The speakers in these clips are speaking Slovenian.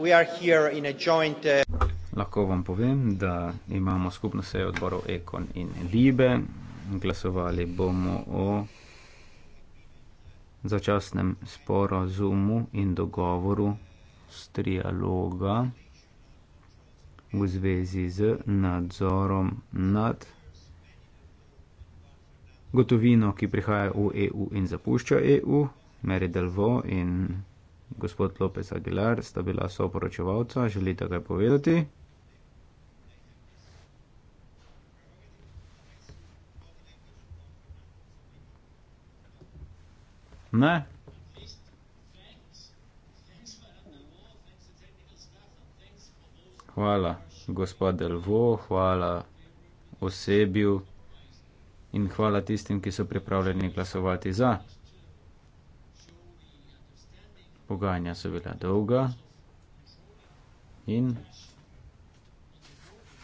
Uh, Lahko vam povem, da imamo skupno sejo odborov Ekon in Libe. Glasovali bomo o začasnem sporazumu in dogovoru s trialoga v zvezi z nadzorom nad gotovino, ki prihaja v EU in zapušča EU, Meri Delvo in Delvo gospod Lopes Aguilar sta bila soporočevalca, želite kaj povedati? Ne? Hvala, gospod Delvo, hvala osebju in hvala tistim, ki so pripravljeni glasovati za pogajanja so bila dolga in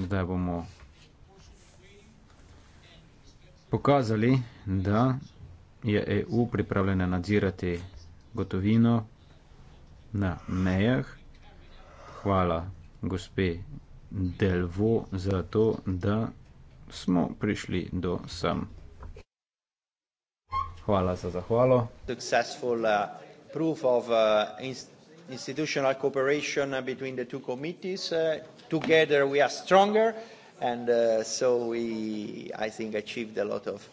zdaj bomo pokazali, da je EU pripravljena nadzirati gotovino na mejah. Hvala gospe Delvo za to, da smo prišli do sem. Hvala za zahvalo proof of uh, in institutional cooperation between the two committees. Uh, together we are stronger, and uh, so we, I think, achieved a lot of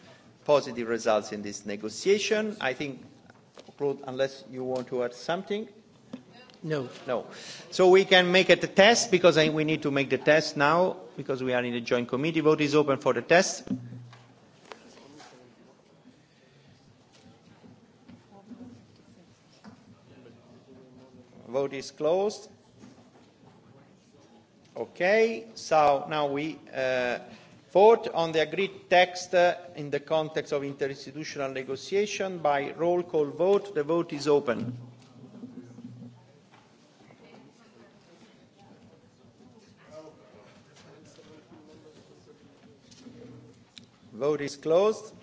positive results in this negotiation. I think, Claude, unless you want to add something? No. No. So we can make it a test, because I, we need to make the test now, because we are in a joint committee. Vote is open for the test. Mm -hmm. vote is closed. Okay, so now we uh, vote on the agreed text uh, in the context of interinstitutional negotiation by roll call vote. The vote is open. Vote is closed.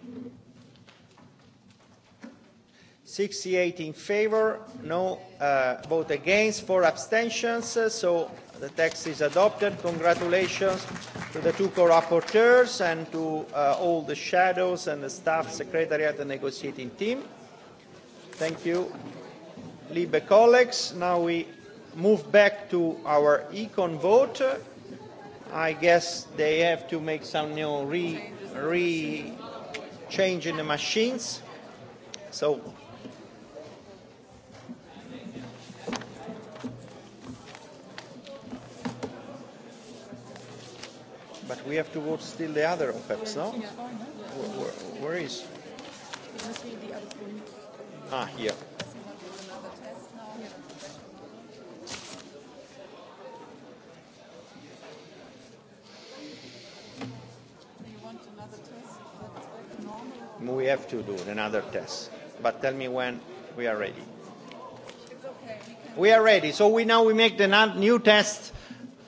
68 in favor, no uh, vote against, four abstentions. Uh, so the text is adopted. Congratulations to the two co-rapporteurs and to uh, all the shadows and the staff secretary at the negotiating team. Thank you, Liebe colleagues. Now we move back to our econ vote. I guess they have to make some new re-change re in the machines. So we have to vote still the other on PEPs, no? Where, where, where is? Ah, here. We have to do another test, but tell me when we are ready. It's okay, we, can... we are ready, so we now we make the new test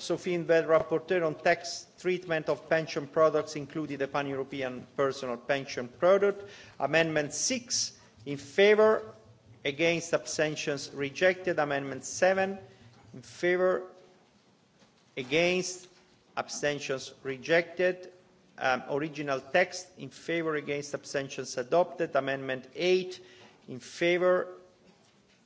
Sophie Bell, rapporteur on tax treatment of pension products, including the pan European personal pension product. Amendment 6 in favor, against abstentions rejected. Amendment 7 in favor, against abstentions rejected. Um, original text in favor, against abstentions adopted. Amendment 8 in favor,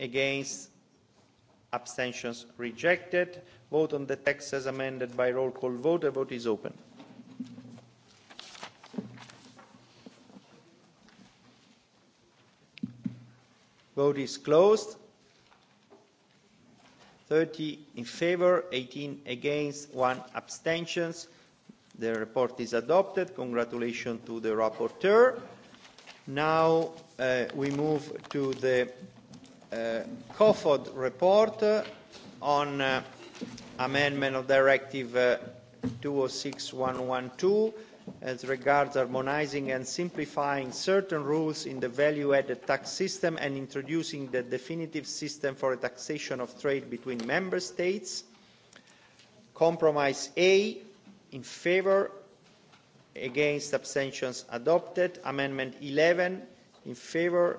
against abstentions rejected vote on the text as amended by roll call vote the vote is open vote is closed 30 in favor 18 against one abstentions the report is adopted congratulations to the rapporteur now uh, we move to the uh, COFOD report uh, on uh, amendment of Directive uh, 206112 as regards harmonizing and simplifying certain rules in the value-added tax system and introducing the definitive system for a taxation of trade between member states. Compromise A, in favor, against abstentions adopted. Amendment 11, in favor,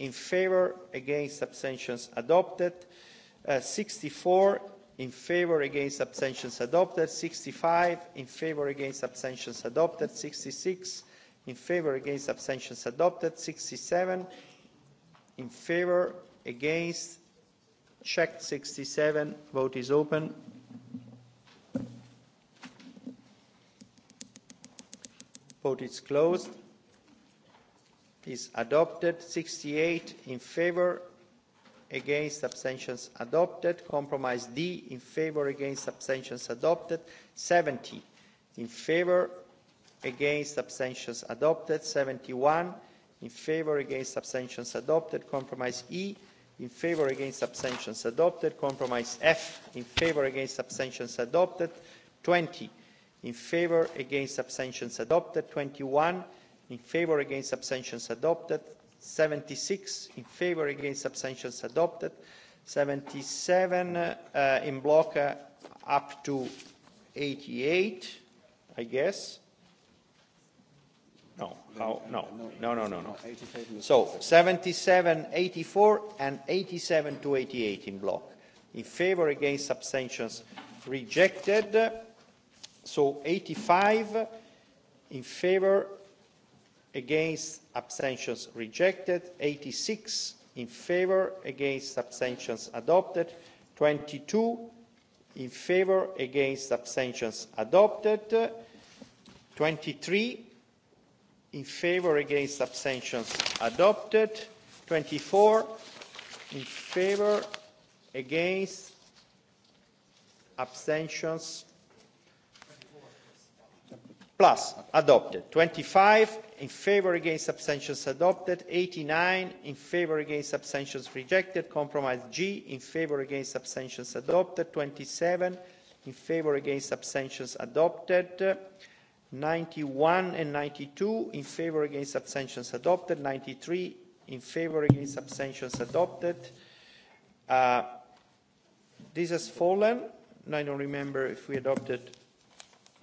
in favour against abstentions adopted uh, 64 in favour against abstentions adopted 65 in favour against abstentions adopted 66 in favour against abstentions adopted 67 in favour against check 67 vote is open vote is closed is adopted sixty eight in favour against abstentions adopted compromise d in favour against abstentions adopted seventy in favour against abstentions adopted seventy one in favour against abstentions adopted compromise e in favour against abstentions adopted compromise f in favour against abstentions adopted twenty in favour against abstentions adopted twenty one in favour against abstentions adopted seventy six in favour against abstentions adopted seventy seven uh, in block uh, up to eighty eight i guess no how no no no no no so seventy seven eighty four and eighty seven to eighty eight in block in favour against abstentions rejected so eighty five in favour against abstentions rejected eighty six in favour against abstentions adopted twenty two in favour against abstentions adopted twenty three in favour against abstentions adopted twenty four in favour against abstentions plus adopted 25 in favor against abstentions adopted 89 in favor against abstentions rejected compromise g in favor against abstentions adopted 27 in favor against abstentions adopted 91 and 92 in favor against abstentions adopted 93 in favor against abstentions adopted uh, this has fallen I don't remember if we adopted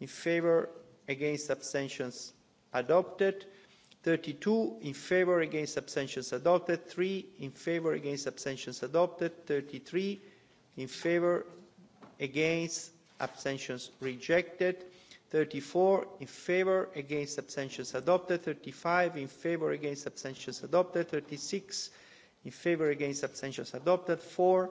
in favour against abstentions adopted 32 in favour against abstentions adopted 3 in favour against abstentions adopted 33 in favour against abstentions rejected 34 in favour against abstentions adopted 35 in favour against abstentions adopted 36 in favour against abstentions adopted 4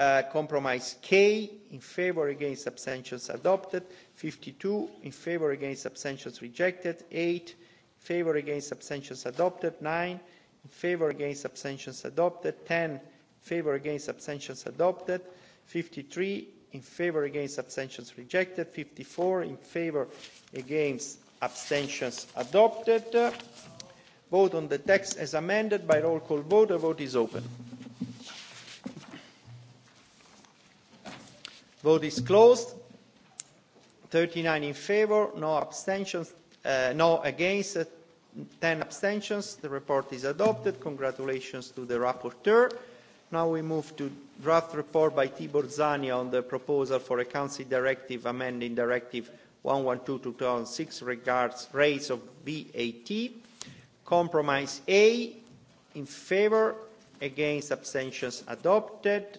Uh, compromise k in favour against abstentions adopted fifty two in favour against abstentions rejected eight in favour against abstentions adopted nine in favour against abstentions adopted ten in favour against abstentions adopted fifty three in favour against abstentions rejected fifty four in favour against abstentions adopted. vote on the text as amended by roll call vote. the vote is open. Vote is closed. 39 in favour, no abstentions, uh, no against, uh, 10 abstentions. The report is adopted. Congratulations to the rapporteur. Now we move to draft report by Tibor Zani on the proposal for a council directive amending directive 112-2006 regards rates of VAT. Compromise A, in favour, against abstentions adopted.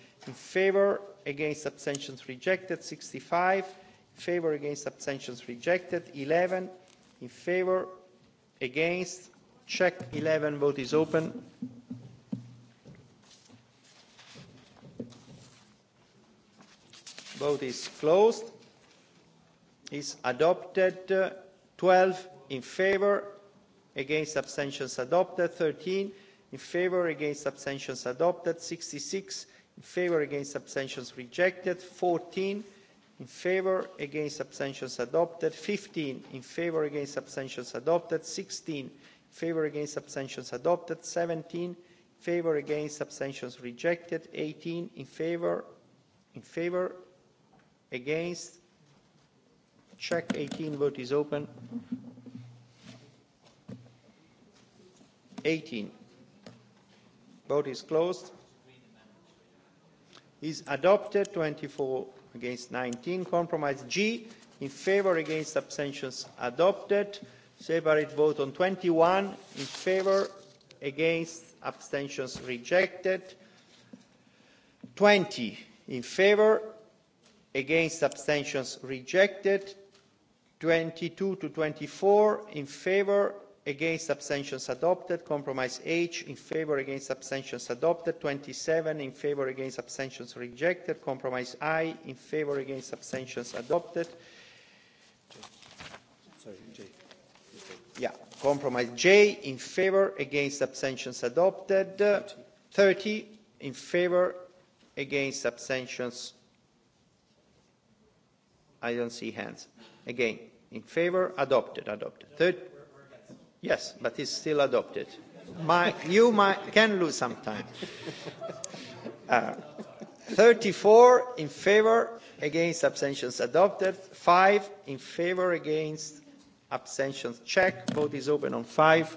in favour against abstentions rejected sixty five in favour against abstentions rejected eleven in favour against check eleven vote is open vote is closed is adopted uh, twelve in favour against abstentions adopted thirteen in favour against abstentions adopted sixty six in favour against abstentions rejected fourteen in favour against abstentions adopted fifteen in favour against abstentions adopted sixteen in favour against abstentions adopted seventeen in favour against abstentions rejected eighteen in favour in favour against check eighteen vote is open eighteen vote is closed is adopted. 24 against 19. Compromise G in favour against abstentions adopted. Separate vote on 21 in favour against abstentions rejected. 20 in favour against abstentions rejected. 22 to 24 in favour against abstentions adopted compromise h in favour against abstentions adopted twenty seven in favour against abstentions rejected compromise i in favour against abstentions adopted yeah compromise j in favour against abstentions adopted 30 in favour against abstentions i don't see hands again in favour adopted adopted 30, yes but it's still adopted. you can lose some time. Uh, thirty four in favour against abstentions adopted five in favour against abstentions check vote is open on five.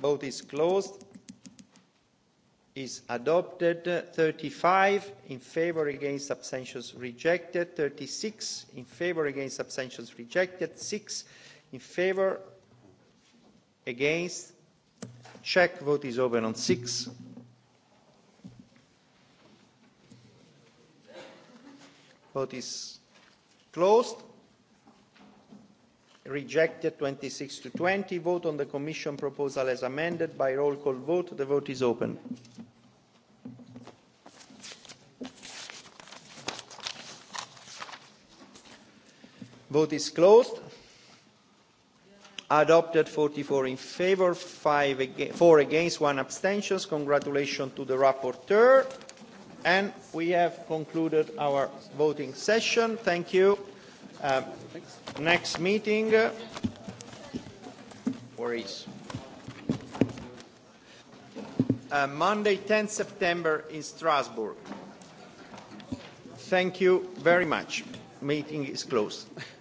vote is closed is adopted thirty five in favour against abstentions rejected thirty six in favour against abstentions rejected six in favour against check vote is open on six vote is closed rejected 26 to 20 vote on the commission proposal as amended by roll call vote the vote is open Vote is closed. Adopted 44 in favor, five ag 4 against, 1 abstentions. Congratulations to the rapporteur. And we have concluded our voting session. Thank you. Uh, next meeting. Uh, where is? Uh, Monday, 10th September in Strasbourg. Thank you very much. Meeting is closed.